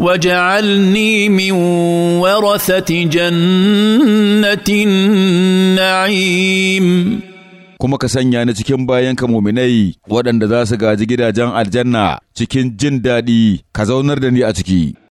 واجعلني من ورثة جنة النعيم kuma ka sanya ni cikin bayanka muminai waɗanda za su gaji gidajen aljanna cikin jin daɗi ka zaunar da ni a ciki